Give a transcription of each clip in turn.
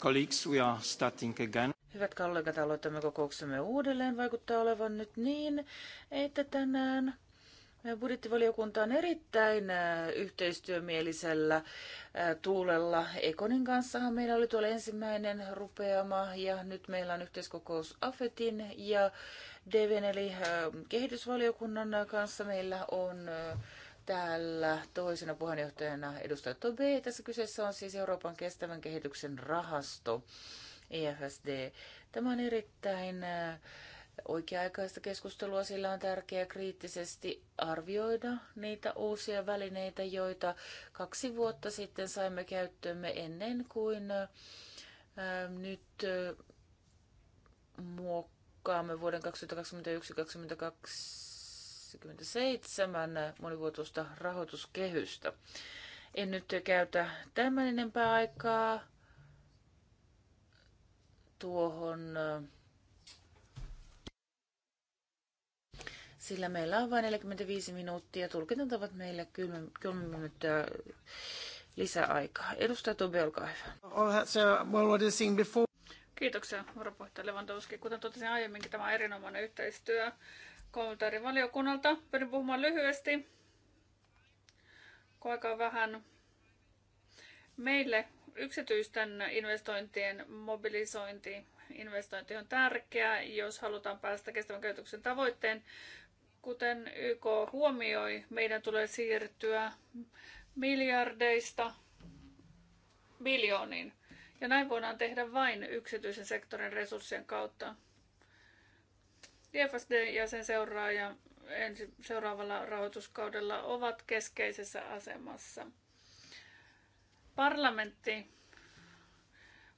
Colleagues, we are starting again. Hyvät kollegat, aloitamme kokouksemme uudelleen. Vaikuttaa olevan nyt niin, että tänään budjettivaliokunta on erittäin äh, yhteistyömielisellä äh, tuulella. Ekonin kanssa. meillä oli tuolla ensimmäinen rupeama ja nyt meillä on yhteiskokous AFETin ja DVN eli äh, kehitysvaliokunnan kanssa meillä on täällä toisena puheenjohtajana edustaja Tobe. Tässä kyseessä on siis Euroopan kestävän kehityksen rahasto, EFSD. Tämä on erittäin äh, oikea-aikaista keskustelua, sillä on tärkeää kriittisesti arvioida niitä uusia välineitä, joita kaksi vuotta sitten saimme käyttöömme ennen kuin äh, nyt äh, muokkaamme vuoden 2021-2022 27 monivuotoista rahoituskehystä. En nyt käytä tämän enempää aikaa tuohon, sillä meillä on vain 45 minuuttia. Tulkinnat ovat meillä 10, minuuttia lisäaikaa. Edustaja Tobi, olkaa hyvä. Kiitoksia, varapuheenjohtaja Lewandowski. Kuten totesin aiemminkin, tämä on erinomainen yhteistyö kommentaarin valiokunnalta. Pyrin puhumaan lyhyesti, Koika vähän meille yksityisten investointien mobilisointi investointi on tärkeää, jos halutaan päästä kestävän käytöksen tavoitteen. Kuten YK huomioi, meidän tulee siirtyä miljardeista miljooniin. Ja näin voidaan tehdä vain yksityisen sektorin resurssien kautta. Liefasti ja sen seuraaja ensi, seuraavalla rahoituskaudella ovat keskeisessä asemassa. Parlamentti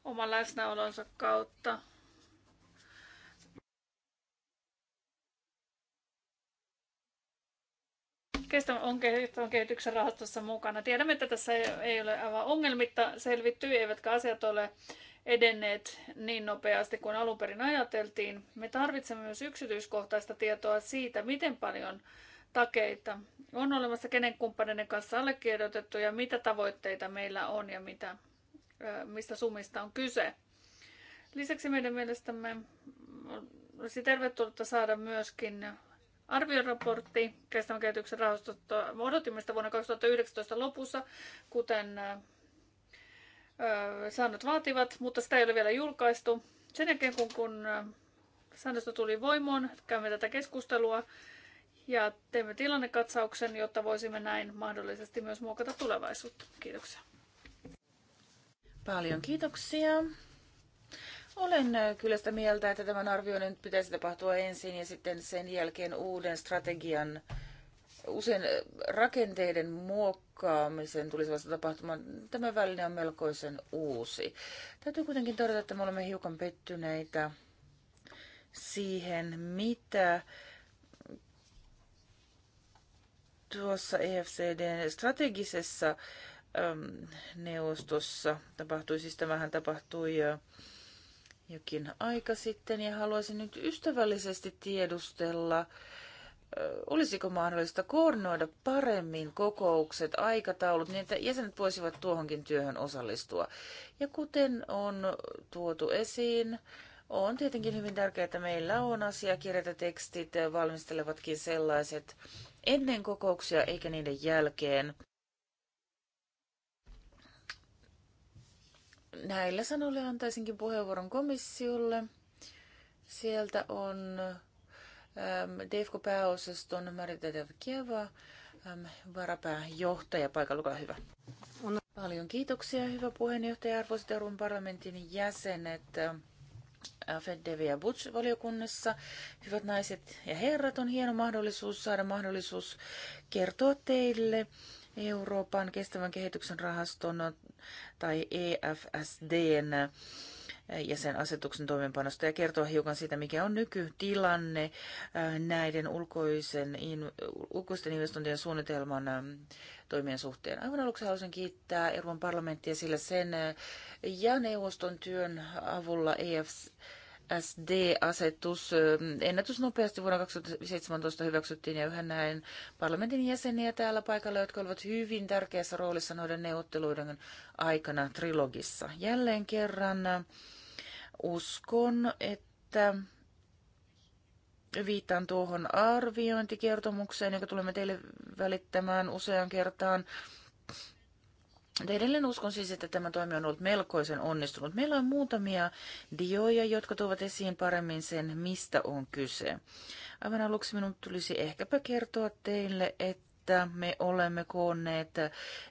oman läsnäolonsa kautta on kestävän kehityksen rahastossa mukana. Tiedämme, että tässä ei ole aivan ongelmitta selvitty, eivätkä asiat ole edenneet niin nopeasti kuin alun perin ajateltiin. Me tarvitsemme myös yksityiskohtaista tietoa siitä, miten paljon takeita on olemassa, kenen kumppaneiden kanssa allekirjoitettu ja mitä tavoitteita meillä on ja mitä, mistä sumista on kyse. Lisäksi meidän mielestämme olisi tervetullutta saada myöskin arvioraportti kestävän kehityksen rahastosta. Me odotimme sitä vuonna 2019 lopussa, kuten säännöt vaativat, mutta sitä ei ole vielä julkaistu. Sen jälkeen kun, kun säännöstö tuli voimoon, käymme tätä keskustelua ja teemme tilannekatsauksen, jotta voisimme näin mahdollisesti myös muokata tulevaisuutta. Kiitoksia. Paljon kiitoksia. Olen kyllä sitä mieltä, että tämän arvioinnin pitäisi tapahtua ensin ja sitten sen jälkeen uuden strategian usein rakenteiden muokkaamisen tulisi vasta tapahtumaan. Tämä väline on melkoisen uusi. Täytyy kuitenkin todeta, että me olemme hiukan pettyneitä siihen, mitä tuossa EFCDn strategisessa äm, neuvostossa tapahtui. Siis tämähän tapahtui jo jokin aika sitten ja haluaisin nyt ystävällisesti tiedustella, olisiko mahdollista koordinoida paremmin kokoukset, aikataulut, niin että jäsenet voisivat tuohonkin työhön osallistua. Ja kuten on tuotu esiin, on tietenkin hyvin tärkeää, että meillä on asiakirjat ja tekstit, valmistelevatkin sellaiset ennen kokouksia eikä niiden jälkeen. Näillä sanoilla antaisinkin puheenvuoron komissiolle. Sieltä on DEFCO-pääosaston Marita Devkieva, varapääjohtaja. Paikalla, olkaa hyvä. Paljon kiitoksia, hyvä puheenjohtaja, arvoisat Euroopan parlamentin jäsenet. FedDevi ja Butch valiokunnassa. Hyvät naiset ja herrat, on hieno mahdollisuus saada mahdollisuus kertoa teille Euroopan kestävän kehityksen rahaston äh, tai EFSDn ja sen asetuksen toimeenpanosta ja kertoa hiukan siitä, mikä on nykytilanne äh, näiden ulkoisen, ulkoisten investointien suunnitelman ähm, toimien suhteen. Aivan aluksi haluaisin kiittää Euroopan parlamenttia, sillä sen äh, ja neuvoston työn avulla EFS SD-asetus ähm, ennätysnopeasti vuonna 2017 hyväksyttiin ja yhä näin parlamentin jäseniä täällä paikalla, jotka olivat hyvin tärkeässä roolissa noiden neuvotteluiden aikana trilogissa. Jälleen kerran äh, Uskon, että viittaan tuohon arviointikertomukseen, joka tulemme teille välittämään usean kertaan. Edelleen uskon siis, että tämä toimi on ollut melkoisen onnistunut. Meillä on muutamia dioja, jotka tuovat esiin paremmin sen, mistä on kyse. Aivan aluksi minun tulisi ehkäpä kertoa teille, että että me olemme koonneet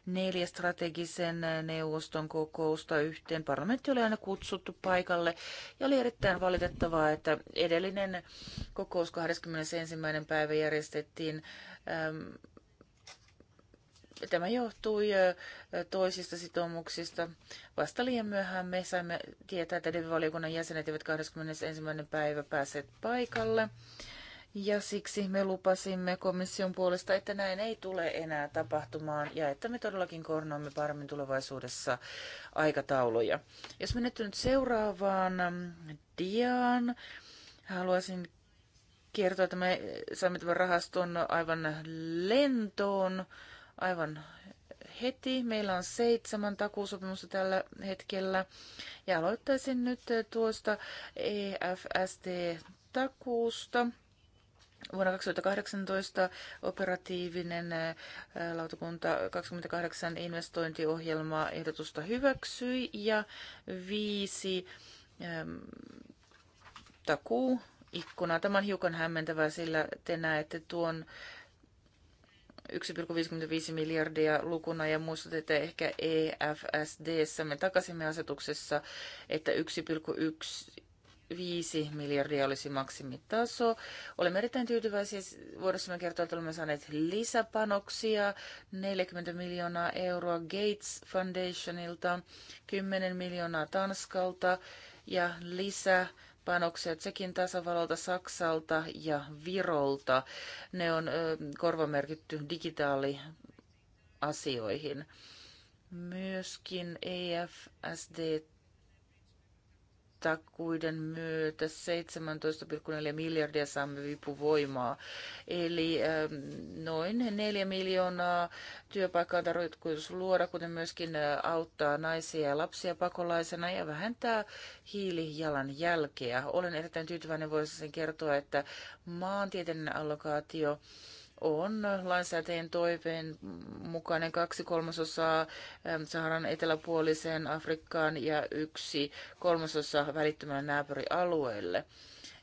neljä strategisen neuvoston kokousta yhteen. Parlamentti oli aina kutsuttu paikalle ja oli erittäin valitettavaa, että edellinen kokous 21. päivä järjestettiin ähm, tämä johtui äh, toisista sitoumuksista. Vasta liian myöhään me saimme tietää, että valiokunnan jäsenet eivät 21. päivä päässeet paikalle. Ja siksi me lupasimme komission puolesta, että näin ei tule enää tapahtumaan ja että me todellakin koordinoimme paremmin tulevaisuudessa aikatauluja. Jos me nyt seuraavaan mm, diaan, haluaisin kertoa, että me saimme tämän rahaston aivan lentoon, aivan heti. Meillä on seitsemän takuusopimusta tällä hetkellä. Ja aloittaisin nyt tuosta EFST-takuusta. Vuonna 2018 operatiivinen äh, lautakunta 28 investointiohjelma ehdotusta hyväksyi ja viisi äm, takuu ikkuna. Tämä on hiukan hämmentävää, sillä te näette tuon 1,55 miljardia lukuna ja muistutette ehkä EFSD-ssämme takaisin asetuksessa, että 1,1 5 miljardia olisi maksimitaso. Olemme erittäin tyytyväisiä. Vuodessamme kertoa, että olemme saaneet lisäpanoksia 40 miljoonaa euroa Gates Foundationilta, 10 miljoonaa Tanskalta ja lisä panoksia Tsekin tasavallalta, Saksalta ja Virolta. Ne on korvamerkitty digitaaliasioihin. Myöskin EFSD takuiden myötä 17,4 miljardia saamme vipuvoimaa. Eli ähm, noin 4 miljoonaa työpaikkaa tarkoitus luoda, kuten myöskin äh, auttaa naisia ja lapsia pakolaisena ja vähentää hiilijalan jälkeä. Olen erittäin tyytyväinen, voisin sen kertoa, että maantieteellinen allokaatio on lainsäätäjien toiveen mukainen kaksi kolmasosaa ähm, Saharan eteläpuoliseen Afrikkaan ja yksi kolmasosa välittömällä naapurialueelle.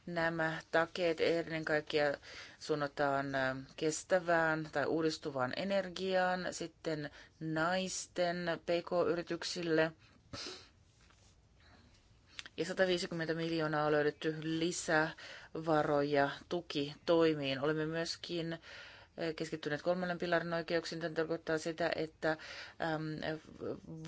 Nämä takeet ennen kaikkea suunnataan ähm, kestävään tai uudistuvaan energiaan, sitten naisten pk-yrityksille – ja 150 miljoonaa on löydetty lisävaroja tukitoimiin. Olemme myöskin eh, keskittyneet kolmannen pilarin oikeuksiin. Tämä tarkoittaa sitä, että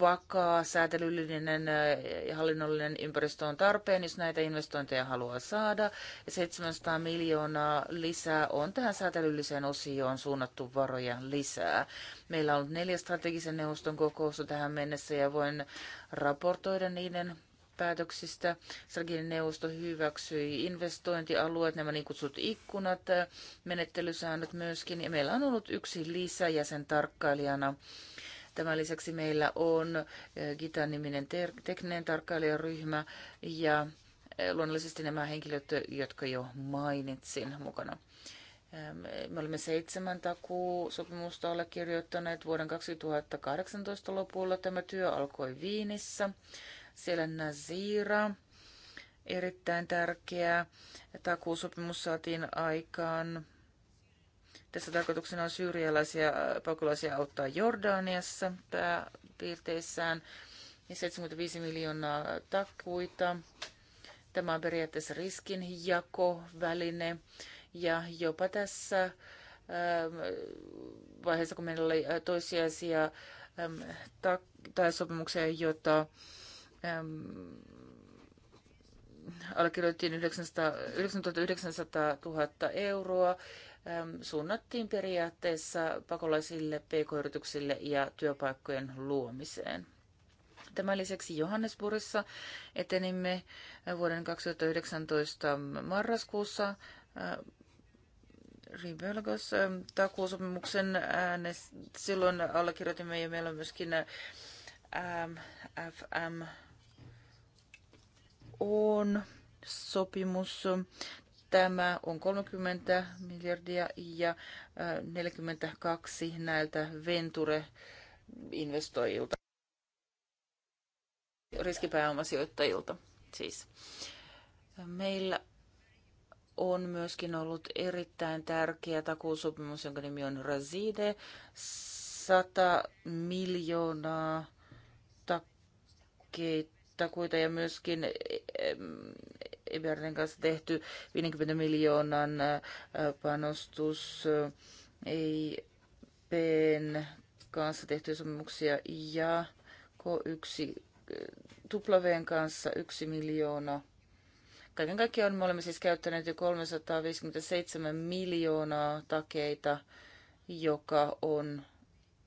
vakaa säätelyllinen eh, ja hallinnollinen ympäristö on tarpeen, jos näitä investointeja haluaa saada. Ja 700 miljoonaa lisää on tähän säätelylliseen osioon suunnattu varoja lisää. Meillä on ollut neljä strategisen neuvoston kokousta tähän mennessä ja voin raportoida niiden päätöksistä. Strateginen neuvosto hyväksyi investointialueet, nämä niin kutsut ikkunat, menettelysäännöt myöskin. Ja meillä on ollut yksi lisäjäsen tarkkailijana. Tämän lisäksi meillä on eh, Gita-niminen tekninen tarkkailijaryhmä ja eh, luonnollisesti nämä henkilöt, jotka jo mainitsin mukana. Me olemme seitsemän takuusopimusta allekirjoittaneet vuoden 2018 lopulla. Tämä työ alkoi Viinissä. Siellä Nazira, erittäin tärkeä takuusopimus saatiin aikaan. Tässä tarkoituksena on syyrialaisia äh, pakolaisia auttaa Jordaniassa pääpiirteissään ja 75 miljoonaa takuita. Tämä on periaatteessa riskinjakoväline ja jopa tässä ähm, vaiheessa, kun meillä oli äh, toisiaisia ähm, tai sopimuksia, joita äm, allekirjoitettiin 900, 9900 000 euroa, äm, suunnattiin periaatteessa pakolaisille, pk-yrityksille ja työpaikkojen luomiseen. Tämän lisäksi Johannesburgissa etenimme vuoden 2019 marraskuussa äh, Ribelgas ähm, takuusopimuksen äänes. Silloin allekirjoitimme ja meillä on myöskin FM äh, on sopimus. Tämä on 30 miljardia ja 42 näiltä Venture-investoijilta, riskipääomasijoittajilta siis. Meillä on myöskin ollut erittäin tärkeä takuusopimus, jonka nimi on Razide. 100 miljoonaa takkeita takuita ja myöskin Eberden eh, kanssa tehty 50 miljoonan eh, panostus EIPn eh, e kanssa tehtyjä sopimuksia ja K1 Tuplaveen kanssa 1 miljoona. Kaiken kaikkiaan me olemme siis käyttäneet jo 357 miljoonaa takeita, joka on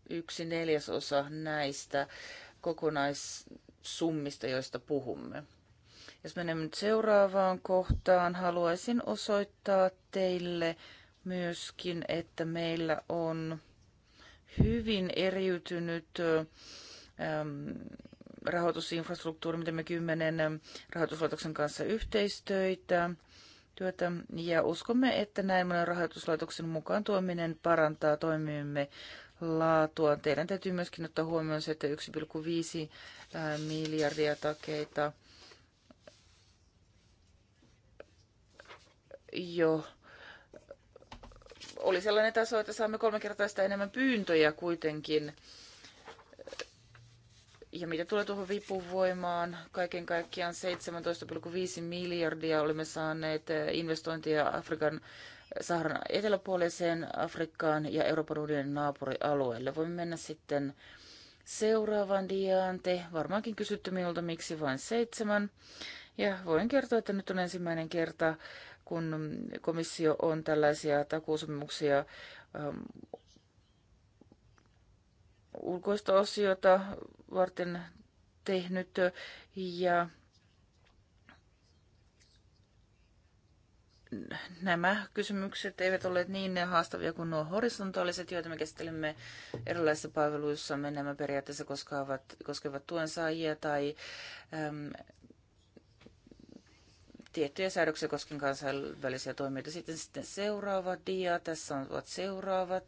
yksi neljäsosa näistä kokonais summista, joista puhumme. Jos menemme nyt seuraavaan kohtaan, haluaisin osoittaa teille myöskin, että meillä on hyvin eriytynyt ähm, rahoitusinfrastruktuuri, miten me kymmenen ähm, rahoituslaitoksen kanssa yhteistöitä, työtä, ja uskomme, että näin monen rahoituslaitoksen mukaan tuominen parantaa toimimme laatua. Teidän täytyy myöskin ottaa huomioon se, että 1,5 miljardia takeita jo oli sellainen taso, että saamme kolme kertaista enemmän pyyntöjä kuitenkin. Ja mitä tulee tuohon vipuvoimaan, kaiken kaikkiaan 17,5 miljardia olemme saaneet investointia Afrikan Saharan eteläpuoliseen Afrikkaan ja Euroopan unionin naapurialueelle. Voimme mennä sitten seuraavaan diaan. Te varmaankin kysytte minulta, miksi vain seitsemän. Ja voin kertoa, että nyt on ensimmäinen kerta, kun komissio on tällaisia takuusopimuksia ähm, ulkoista osiota varten tehnyt. Ja nämä kysymykset eivät olleet niin haastavia kuin nuo horisontaaliset, joita me käsittelemme erilaisissa me Nämä periaatteessa koskevat, koskevat tuensaajia tai äm, tiettyjä säädöksiä koskien kansainvälisiä toimijoita. Sitten, sitten seuraava dia. Tässä ovat seuraavat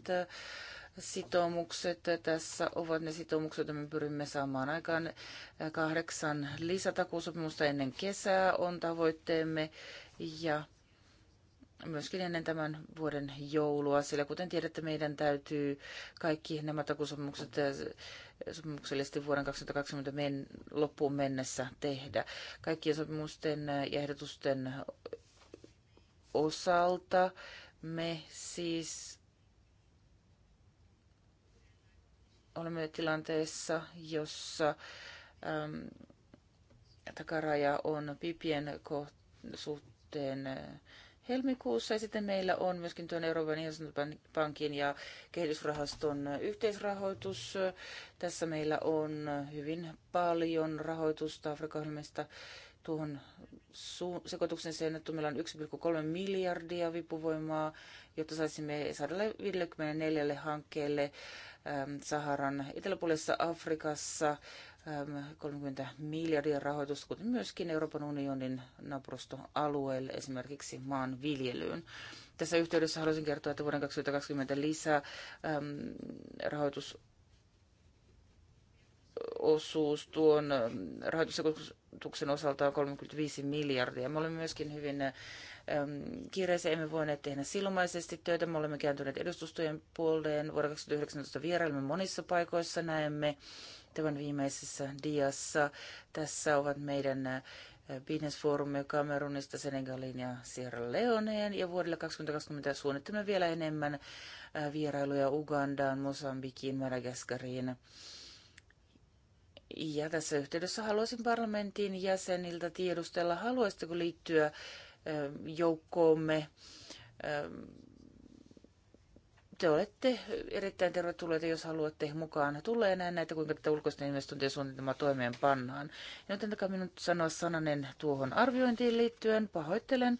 sitoumukset. Tässä ovat ne sitoumukset, joita me pyrimme saamaan aikaan. Kahdeksan lisätakuusopimusta ennen kesää on tavoitteemme. Ja myöskin ennen tämän vuoden joulua, sillä kuten tiedätte, meidän täytyy kaikki nämä takusopimukset äh, sopimuksellisesti vuoden 2020 men, loppuun mennessä tehdä. Kaikkien sopimusten äh, ja ehdotusten osalta me siis olemme tilanteessa, jossa äm, takaraja on pipien suhteen äh, helmikuussa. Ja sitten meillä on myöskin tuon Euroopan pankin ja kehitysrahaston yhteisrahoitus. Tässä meillä on hyvin paljon rahoitusta Afrikanilmista tuohon su- sekoituksen että Meillä on 1,3 miljardia vipuvoimaa, jotta saisimme 154 hankkeelle Saharan eteläpuolessa Afrikassa 30 ähm, miljardia rahoitusta, kuten myöskin Euroopan unionin naapurustoalueelle, esimerkiksi maanviljelyyn. Tässä yhteydessä haluaisin kertoa, että vuoden 2020 lisää äm, rahoitus osuus tuon ähm, rahoitusvakuutuksen osalta on 35 miljardia. Me olemme myöskin hyvin äm, kiireisiä, emme voineet tehdä silmaisesti töitä. Me olemme kääntyneet edustustojen puoleen. Vuonna 2019 vierailimme monissa paikoissa, näemme tämän viimeisessä diassa. Tässä ovat meidän äh, bisnesfoorumme Kamerunista, Senegalin ja Sierra Leoneen ja vuodelle 2020 suunnittelemme vielä enemmän äh, vierailuja Ugandaan, Mosambikiin, Madagaskariin. Ja tässä yhteydessä haluaisin parlamentin jäseniltä tiedustella, haluaisitteko liittyä äh, joukkoomme ähm, te olette erittäin tervetulleita, jos haluatte mukaan tulla ja näin näitä, kuinka tätä ulkoisten investointien investointisuunnitelmaa toimeen pannaan. Ja nyt antakaa minun sanoa sananen tuohon arviointiin liittyen. Pahoittelen,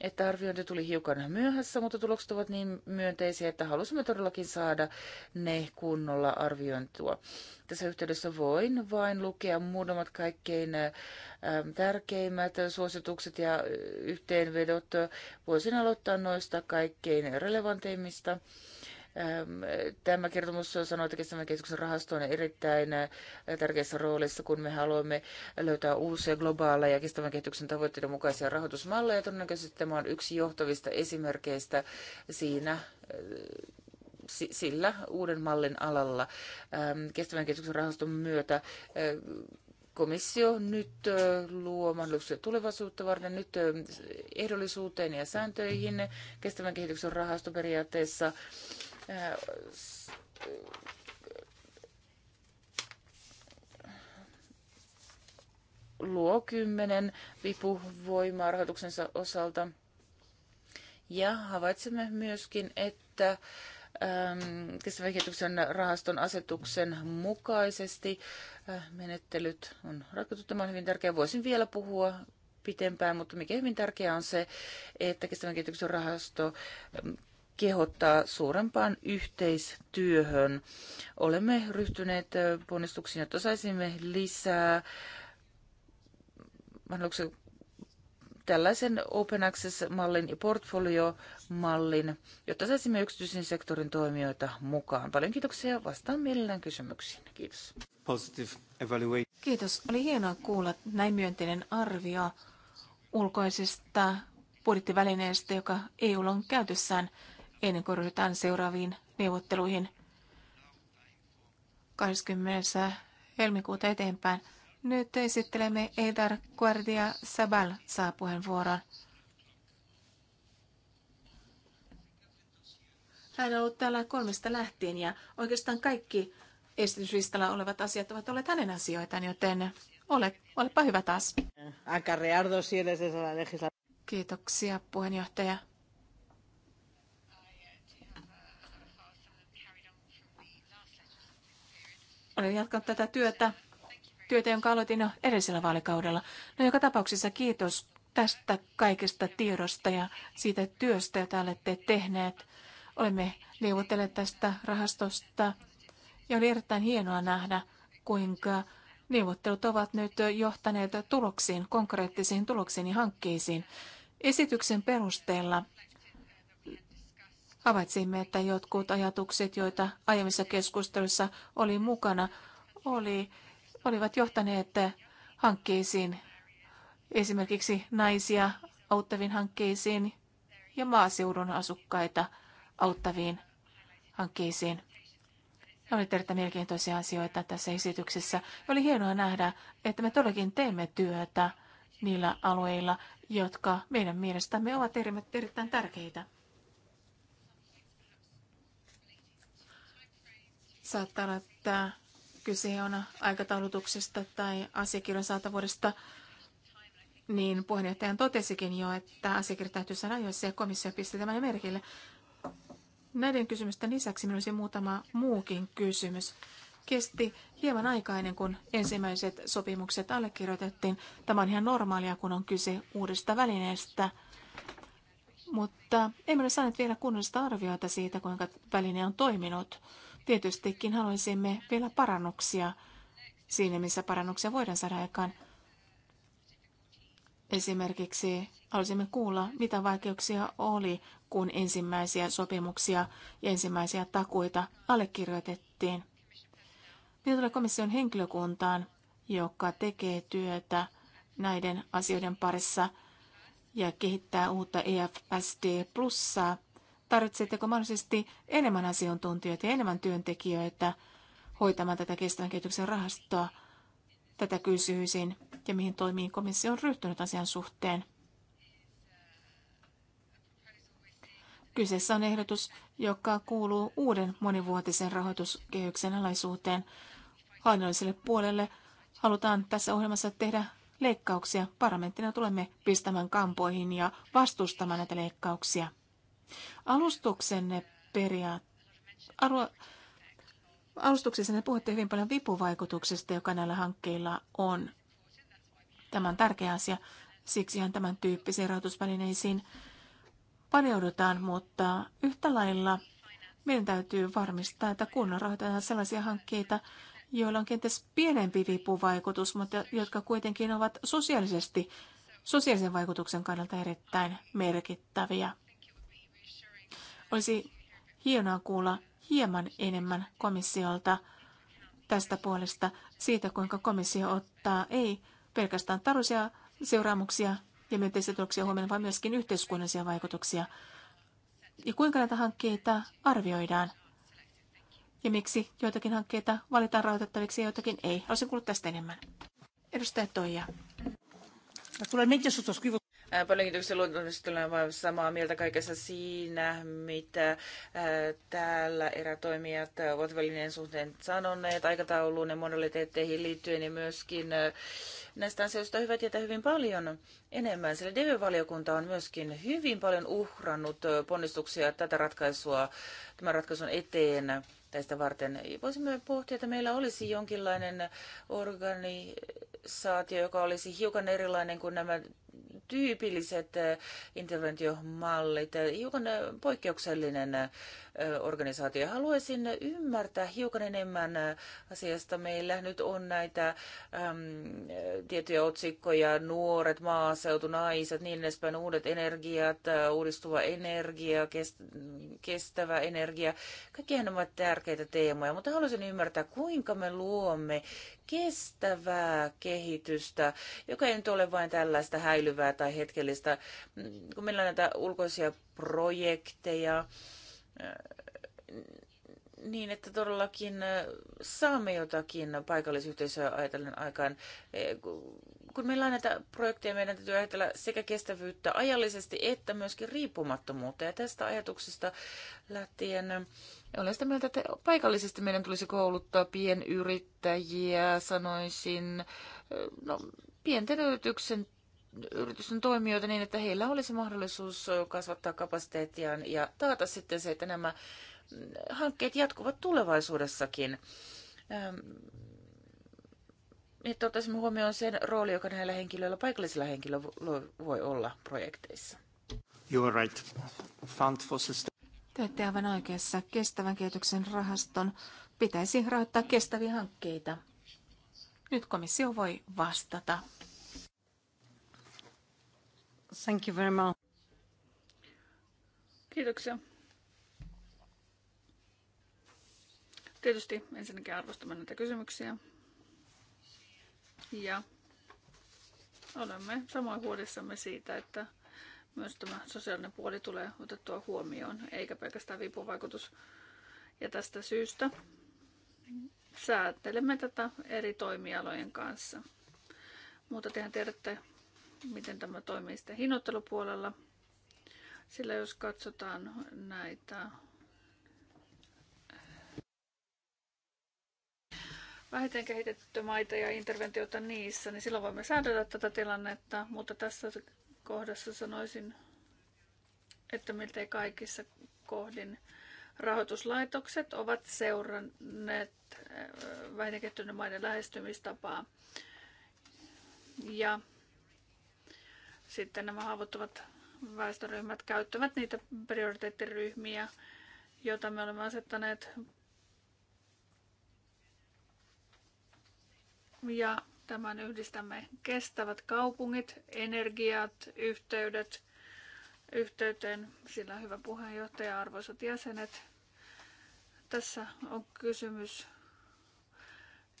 että arviointi tuli hiukan myöhässä, mutta tulokset ovat niin myönteisiä, että halusimme todellakin saada ne kunnolla arviointua. Tässä yhteydessä voin vain lukea muutamat kaikkein tärkeimmät suositukset ja yhteenvedot. Voisin aloittaa noista kaikkein relevanteimmista. Tämä kertomus sanoo, että kestävän kehityksen rahasto on erittäin äh, tärkeässä roolissa, kun me haluamme löytää uusia globaaleja kestävän kehityksen tavoitteiden mukaisia rahoitusmalleja. Todennäköisesti tämä on yksi johtavista esimerkkeistä siinä äh, sillä uuden mallin alalla. Kestävän kehityksen rahaston myötä äh, komissio nyt luo mahdollisuuksia tulevaisuutta varten nyt ehdollisuuteen ja sääntöihin. Kestävän kehityksen rahastoperiaatteessa luo kymmenen vipuvoimaa rahoituksensa osalta. Ja havaitsemme myöskin, että kestävän rahaston asetuksen mukaisesti äh, menettelyt on ratkottu. Tämä on hyvin tärkeää. Voisin vielä puhua pitempään, mutta mikä hyvin tärkeää on se, että kestävän rahasto kehottaa suurempaan yhteistyöhön. Olemme ryhtyneet ponnistuksiin, jotta saisimme lisää tällaisen Open Access-mallin ja portfolio mallin, jotta saisimme yksityisen sektorin toimijoita mukaan. Paljon kiitoksia. Vastaan mielellään kysymyksiin. Kiitos. Kiitos. Oli hienoa kuulla näin myönteinen arvio ulkoisesta budjettivälineestä, joka EUlla on käytössään ennen kuin ryhdytään seuraaviin neuvotteluihin 20. helmikuuta eteenpäin. Nyt esittelemme Eidar Guardia Sabal saa puheenvuoron. Hän on ollut täällä kolmesta lähtien ja oikeastaan kaikki esityslistalla olevat asiat ovat olleet hänen asioitaan, joten ole, olepa hyvä taas. Kiitoksia puheenjohtaja. Olen jatkanut tätä työtä, työtä, jonka aloitin jo edellisellä vaalikaudella. No joka tapauksessa kiitos tästä kaikesta tiedosta ja siitä työstä, jota olette tehneet. Olemme neuvotelleet tästä rahastosta ja oli erittäin hienoa nähdä, kuinka neuvottelut ovat nyt johtaneet tuloksiin, konkreettisiin tuloksiin ja hankkeisiin. Esityksen perusteella Havaitsimme, että jotkut ajatukset, joita aiemmissa keskusteluissa oli mukana, oli, olivat johtaneet hankkeisiin, esimerkiksi naisia auttaviin hankkeisiin ja maaseudun asukkaita auttaviin hankkeisiin. Ne olivat erittäin mielenkiintoisia asioita tässä esityksessä. Oli hienoa nähdä, että me todellakin teemme työtä niillä alueilla, jotka meidän mielestämme ovat erittäin tärkeitä. Saattaa olla, että kyse on aikataulutuksesta tai asiakirjan saatavuudesta. Niin puheenjohtaja totesikin jo, että asiakirja täytyy saada ajoissa ja komissio pisti tämän merkille. Näiden kysymysten lisäksi minulla olisi muutama muukin kysymys. Kesti hieman aikaa ennen kuin ensimmäiset sopimukset allekirjoitettiin. Tämä on ihan normaalia, kun on kyse uudesta välineestä. Mutta emme ole saaneet vielä kunnollista arviota siitä, kuinka väline on toiminut. Tietystikin haluaisimme vielä parannuksia siinä, missä parannuksia voidaan saada aikaan. Esimerkiksi haluaisimme kuulla, mitä vaikeuksia oli, kun ensimmäisiä sopimuksia ja ensimmäisiä takuita allekirjoitettiin. Mitä tulee komission henkilökuntaan, joka tekee työtä näiden asioiden parissa ja kehittää uutta EFSD plussaa, Tarvitsetteko mahdollisesti enemmän asiantuntijoita ja enemmän työntekijöitä hoitamaan tätä kestävän kehityksen rahastoa? Tätä kysyisin ja mihin toimiin komissio on ryhtynyt asian suhteen. Kyseessä on ehdotus, joka kuuluu uuden monivuotisen rahoituskehyksen alaisuuteen. Hallinnolliselle puolelle halutaan tässä ohjelmassa tehdä leikkauksia. Parlamenttina tulemme pistämään kampoihin ja vastustamaan näitä leikkauksia. Alustuksenne periaatteessa alustuksessanne puhutte hyvin paljon vipuvaikutuksesta, joka näillä hankkeilla on. Tämä on tärkeä asia. Siksihän tämän tyyppisiin rahoitusvälineisiin paneudutaan, mutta yhtä lailla meidän täytyy varmistaa, että kunnan rahoitetaan sellaisia hankkeita, joilla on kenties pienempi vipuvaikutus, mutta jotka kuitenkin ovat sosiaalisesti, sosiaalisen vaikutuksen kannalta erittäin merkittäviä. Olisi hienoa kuulla hieman enemmän komissiolta tästä puolesta siitä, kuinka komissio ottaa ei pelkästään taruisia seuraamuksia ja myönteisiä tuloksia huomioon, vaan myöskin yhteiskunnallisia vaikutuksia. Ja kuinka näitä hankkeita arvioidaan? Ja miksi joitakin hankkeita valitaan rahoitettaviksi ja joitakin ei? Olisin kuullut tästä enemmän. Edustaja Toija. Paljonkin tietysti luonnollisesti olen samaa mieltä kaikessa siinä, mitä täällä erätoimijat ovat välineen suhteen sanoneet aikatauluun ja modaliteetteihin liittyen ja myöskin näistä asioista on hyvä tietää hyvin paljon enemmän, sillä DV-valiokunta on myöskin hyvin paljon uhrannut ponnistuksia tätä ratkaisua, tämän ratkaisun eteen tästä varten. Voisimme pohtia, että meillä olisi jonkinlainen organisaatio, joka olisi hiukan erilainen kuin nämä tyypilliset eh, interventiomallit. Eh, hiukan eh, poikkeuksellinen organisaatio. Haluaisin ymmärtää hiukan enemmän asiasta. Meillä nyt on näitä äm, tiettyjä otsikkoja, nuoret, maaseutu, naiset, niin edespäin, uudet energiat, uudistuva energia, kestävä energia. Kaikki nämä ovat tärkeitä teemoja, mutta haluaisin ymmärtää, kuinka me luomme kestävää kehitystä, joka ei nyt ole vain tällaista häilyvää tai hetkellistä, kun meillä on näitä ulkoisia projekteja, Äh, niin, että todellakin äh, saamme jotakin paikallisyhteisöä ajatellen aikaan. Äh, kun meillä on näitä projekteja, meidän täytyy ajatella sekä kestävyyttä ajallisesti että myöskin riippumattomuutta. Ja tästä ajatuksesta lähtien olen sitä mieltä, että paikallisesti meidän tulisi kouluttaa pienyrittäjiä, sanoisin, no, pienten yrityksen yritysten toimijoita niin, että heillä olisi mahdollisuus kasvattaa kapasiteettiaan ja taata sitten se, että nämä hankkeet jatkuvat tulevaisuudessakin. Ähm, niin, että ottaisimme huomioon sen rooli, joka näillä henkilöillä, paikallisilla henkilöillä voi olla projekteissa. You are right. Fund for Te olette aivan oikeassa. Kestävän kehityksen rahaston pitäisi rahoittaa kestäviä hankkeita. Nyt komissio voi vastata. Thank you very much. Kiitoksia. Tietysti ensinnäkin arvostamme näitä kysymyksiä. Ja olemme samoin huolissamme siitä, että myös tämä sosiaalinen puoli tulee otettua huomioon, eikä pelkästään vipuvaikutus. Ja tästä syystä säätelemme tätä eri toimialojen kanssa. Mutta tehän tiedätte, miten tämä toimii sitten hinnoittelupuolella. Sillä jos katsotaan näitä vähiten kehitettyjä maita ja interventioita niissä, niin silloin voimme säädellä tätä tilannetta, mutta tässä kohdassa sanoisin, että miltei kaikissa kohdin rahoituslaitokset ovat seuranneet äh, vähiten kehittyneiden maiden lähestymistapaa. Ja sitten nämä haavoittuvat väestöryhmät käyttävät niitä prioriteettiryhmiä, joita me olemme asettaneet. Ja tämän yhdistämme kestävät kaupungit, energiat, yhteydet, yhteyteen, sillä hyvä puheenjohtaja, arvoisat jäsenet. Tässä on kysymys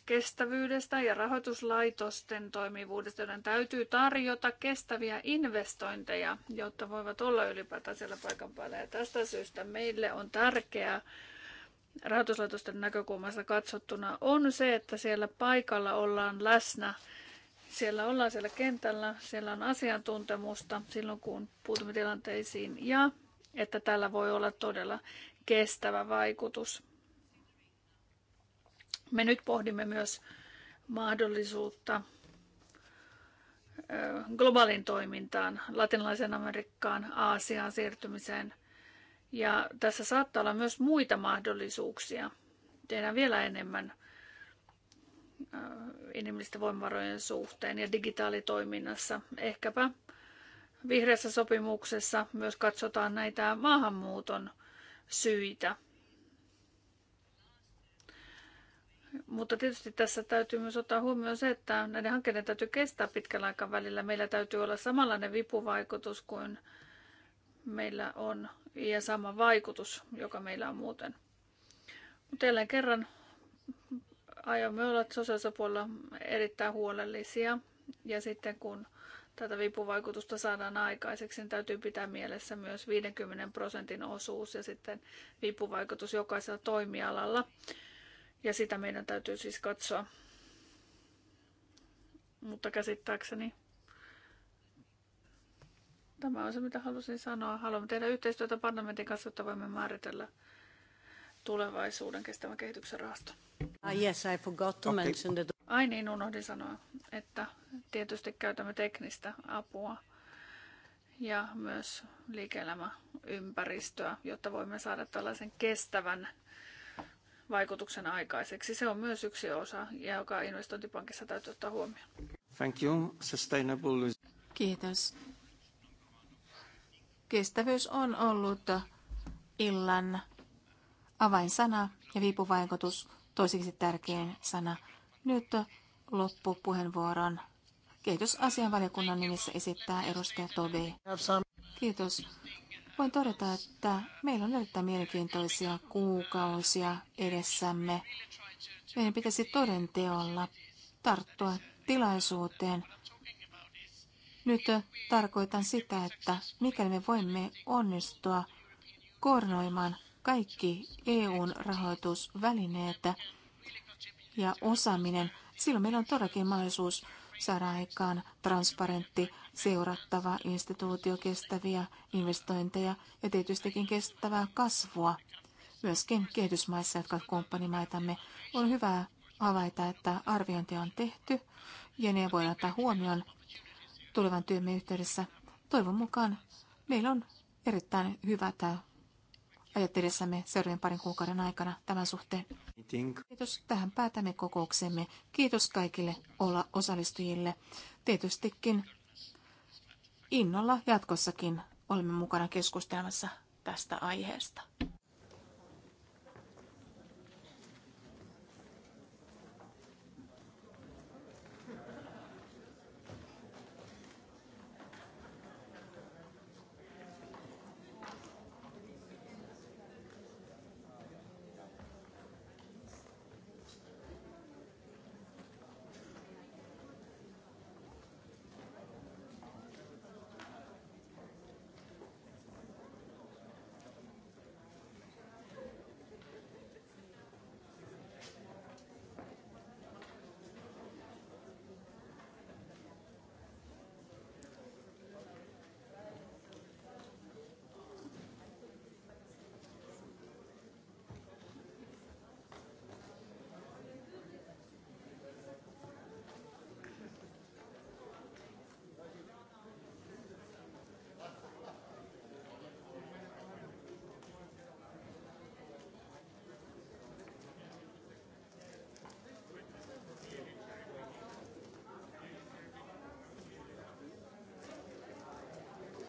kestävyydestä ja rahoituslaitosten toimivuudesta, joiden täytyy tarjota kestäviä investointeja, jotta voivat olla ylipäätään siellä paikan päällä. Ja tästä syystä meille on tärkeää rahoituslaitosten näkökulmasta katsottuna on se, että siellä paikalla ollaan läsnä. Siellä ollaan siellä kentällä, siellä on asiantuntemusta silloin, kun puutumme tilanteisiin ja että tällä voi olla todella kestävä vaikutus me nyt pohdimme myös mahdollisuutta globaalin toimintaan, latinalaiseen Amerikkaan, Aasiaan siirtymiseen. Ja tässä saattaa olla myös muita mahdollisuuksia tehdä vielä enemmän inhimillisten voimavarojen suhteen ja digitaalitoiminnassa. Ehkäpä vihreässä sopimuksessa myös katsotaan näitä maahanmuuton syitä – Mutta tietysti tässä täytyy myös ottaa huomioon se, että näiden hankkeiden täytyy kestää pitkällä aikavälillä. Meillä täytyy olla samanlainen vipuvaikutus kuin meillä on ja sama vaikutus, joka meillä on muuten. Mutta jälleen kerran aiomme olla sosiaalisopuolella erittäin huolellisia. Ja sitten kun tätä vipuvaikutusta saadaan aikaiseksi, niin täytyy pitää mielessä myös 50 prosentin osuus ja sitten vipuvaikutus jokaisella toimialalla. Ja sitä meidän täytyy siis katsoa. Mutta käsittääkseni tämä on se, mitä halusin sanoa. Haluamme tehdä yhteistyötä parlamentin kanssa, että voimme määritellä tulevaisuuden kestävän kehityksen rahasto. Ah, yes, I forgot to okay. mention that... Ai niin, unohdin sanoa, että tietysti käytämme teknistä apua ja myös liike ympäristöä, jotta voimme saada tällaisen kestävän vaikutuksen aikaiseksi. Se on myös yksi osa, joka investointipankissa täytyy ottaa huomioon. Thank you. Sustainable. Kiitos. Kestävyys on ollut illan avainsana ja viipuvaikutus toiseksi tärkein sana. Nyt loppupuheenvuoron kehitysasianvaliokunnan nimissä esittää edustaja Tobi. Kiitos. Voin todeta, että meillä on erittäin mielenkiintoisia kuukausia edessämme. Meidän pitäisi todenteolla tarttua tilaisuuteen. Nyt tarkoitan sitä, että mikäli me voimme onnistua koordinoimaan kaikki EUn rahoitusvälineet ja osaaminen, silloin meillä on todellakin mahdollisuus saada aikaan transparentti, seurattava instituutio kestäviä investointeja ja tietystikin kestävää kasvua. Myöskin kehitysmaissa, jotka ovat kumppanimaitamme, on hyvä havaita, että arviointi on tehty ja ne voidaan ottaa huomioon tulevan työmme yhteydessä. Toivon mukaan meillä on erittäin tämä ajattelessamme seuraavien parin kuukauden aikana tämän suhteen. Kiitos. Tähän päätämme kokouksemme. Kiitos kaikille olla osallistujille. Tietystikin innolla jatkossakin olemme mukana keskustelemassa tästä aiheesta.